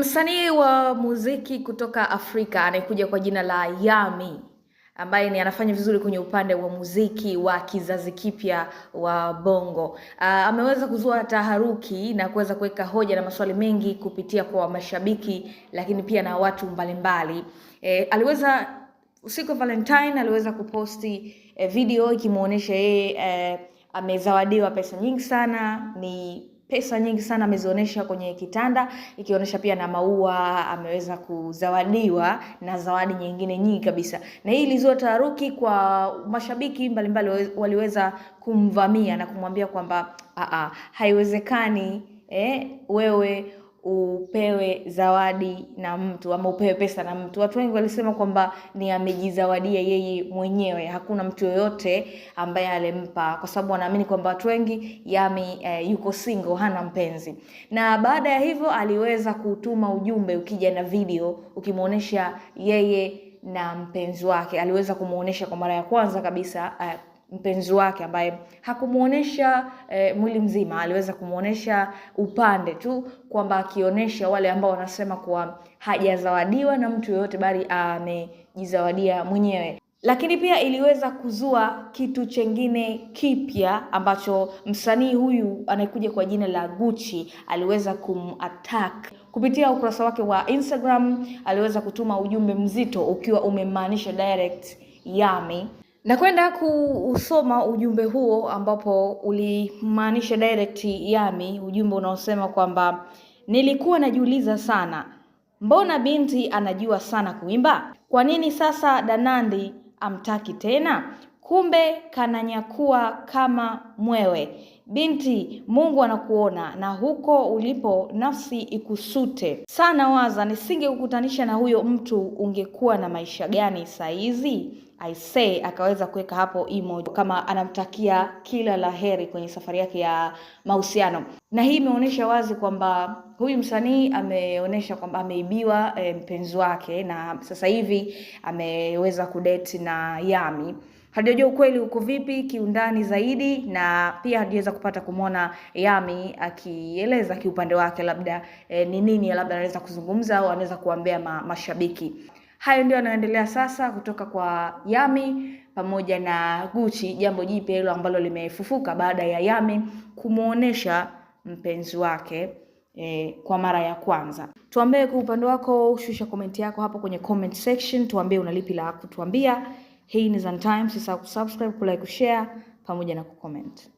Msanii wa muziki kutoka Afrika anayekuja kwa jina la Yami ambaye ni anafanya vizuri kwenye upande wa muziki wa kizazi kipya wa Bongo. Uh, ameweza kuzua taharuki na kuweza kuweka hoja na maswali mengi kupitia kwa mashabiki, lakini pia na watu mbalimbali. E, aliweza usiku wa Valentine aliweza kuposti e, video ikimuonesha yeye eh, amezawadiwa pesa nyingi sana ni pesa nyingi sana amezionyesha kwenye kitanda, ikionyesha pia na maua ameweza kuzawadiwa na zawadi nyingine nyingi kabisa, na hii ilizua taharuki kwa mashabiki mbalimbali, waliweza kumvamia na kumwambia kwamba ah, ah, haiwezekani eh, wewe upewe zawadi na mtu ama upewe pesa na mtu. Watu wengi walisema kwamba ni amejizawadia yeye mwenyewe, hakuna mtu yoyote ambaye alimpa, kwa sababu wanaamini kwamba watu wengi yami eh, yuko single, hana mpenzi. Na baada ya hivyo aliweza kutuma ujumbe ukija na video ukimwonyesha yeye na mpenzi wake, aliweza kumuonyesha kwa mara ya kwanza kabisa eh, mpenzi wake ambaye hakumwonyesha e, mwili mzima, aliweza kumwonyesha upande tu, kwamba akionyesha wale ambao wanasema kuwa hajazawadiwa na mtu yoyote, bali amejizawadia mwenyewe. Lakini pia iliweza kuzua kitu chengine kipya ambacho msanii huyu anayekuja kwa jina la Gucci aliweza kumattack kupitia ukurasa wake wa Instagram. Aliweza kutuma ujumbe mzito ukiwa umemaanisha direct yami Nakwenda kuusoma ujumbe huo ambapo ulimaanisha direct Yami, ujumbe unaosema kwamba nilikuwa najiuliza sana, mbona binti anajua sana kuimba, kwa nini sasa Danandi amtaki tena? Kumbe kananyakua kama mwewe. Binti, Mungu anakuona na huko ulipo nafsi ikusute sana. Waza, nisingekukutanisha na huyo mtu, ungekuwa na maisha gani saizi? I say akaweza kuweka hapo emoji kama anamtakia kila la heri kwenye safari yake ya mahusiano, na hii imeonyesha wazi kwamba huyu msanii ameonyesha kwamba ameibiwa e, mpenzi wake, na sasa hivi ameweza kudate na Yami. Hatujajua ukweli uko vipi kiundani zaidi, na pia hatujaweza kupata kumwona Yami akieleza kiupande wake, labda eh, ni e, nini labda anaweza kuzungumza au anaweza kuambia ma, mashabiki. Hayo ndio yanayoendelea sasa kutoka kwa Yami pamoja na Gucci, jambo jipya hilo ambalo limefufuka baada ya Yami kumwonyesha mpenzi wake E, kwa mara ya kwanza. Tuambie kwa upande wako, shusha komenti yako hapo kwenye comment section, tuambie unalipi la kutuambia. Hii ni Zantime, sisa kusubscribe, kulike, kushare pamoja na kucomment.